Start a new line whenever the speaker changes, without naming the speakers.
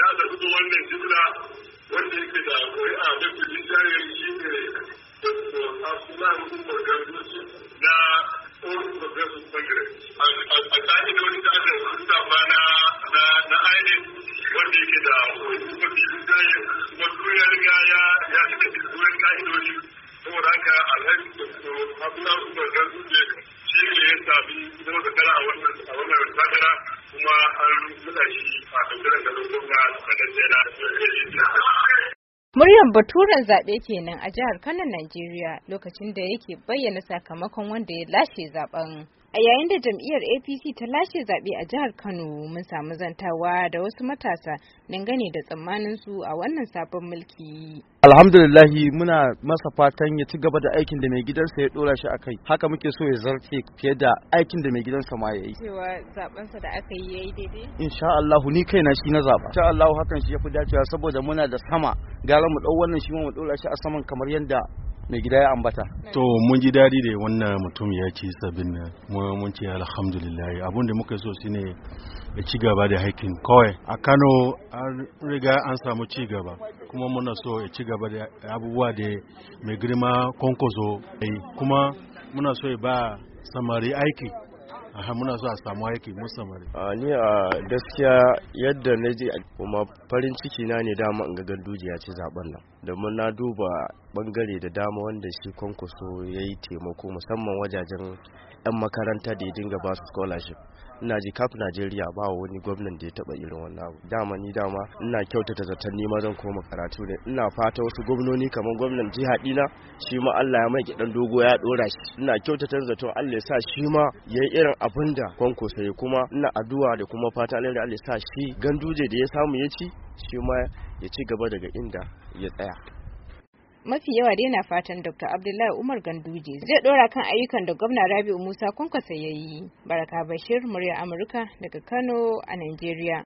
ya zaɓi da wannan jimla wanda yake da koyi a ni linjari shi ne Abdullahi Umar Ganduci na Old Progressive Congress. A wani da aka rubuta ba na na ainihin wanda yake da koyi mafi linjari wato ya riga ya ya cika cikin ƙa'idodi. Saboda haka alhaji Abdullahi Umar Ganduci shi ne ya sami zama da kara a wannan takara kuma an rubuta shi a tafiyar da dogonga da gajera da
Muryar baturen zaɓe kenan a jihar Kano, Najeriya lokacin da yake bayyana sakamakon wanda ya lashe zaben. A yayin da jam'iyyar APC ta lashe zaɓe a jihar Kano mun samu zantawa da wasu matasa dangane da tsammanin su a wannan sabon mulki.
Alhamdulillah muna masa fatan ya ci gaba da aikin da mai gidansa ya dora shi akai. Haka muke so ya zarce fiye da aikin da mai gidansa ma ya yi.
Cewa sa da aka yi yayi daidai.
Insha Allah ni kaina shi na zaba. Insha Allah hakan shi yafi dacewa saboda muna da sama. Gara mu ɗau wannan shi mu dora shi a saman kamar yadda mai gida ya ambata
to mun ji dadi da wannan mutum ya ci sabin nan mun ce alhamdulillah abun da muka so shine ya ci gaba da haikin kawai a Kano an riga an samu ci gaba kuma muna so ya ci gaba da abubuwa da mai girma konkoso kuma muna so ya ba samari aiki aha muna so a samu aiki musamman a ni a gaskiya yadda na je
kuma farin ciki na ne dama in ga ganduje ya ci zaben nan domin na duba bangare da dama wanda shi kwankwaso ya yi taimako musamman wajajen 'yan makaranta da ya dinga ba su scholarship ina ji kaf najeriya ba wani gwamnan da ya taba irin wannan abu dama ni dama ina kyautata zaton nima zan koma karatu ne ina fata wasu gwamnoni kamar gwamnan jiha dina shi ma allah ya mai gidan dogo ya dora shi ina kyautata zaton allah ya sa shi ma ya irin abin da kwanko sai kuma ina addu'a da kuma fata Allah da Allah shi ganduje da ya samu ya ci shi ma ya ci gaba daga inda ya tsaya
mafi yawa dai na fatan dr abdullahi umar ganduje zai dora kan ayyukan da gwamna rabiu musa kwankwasa ya yi baraka bashir murya amurka daga kano a nigeria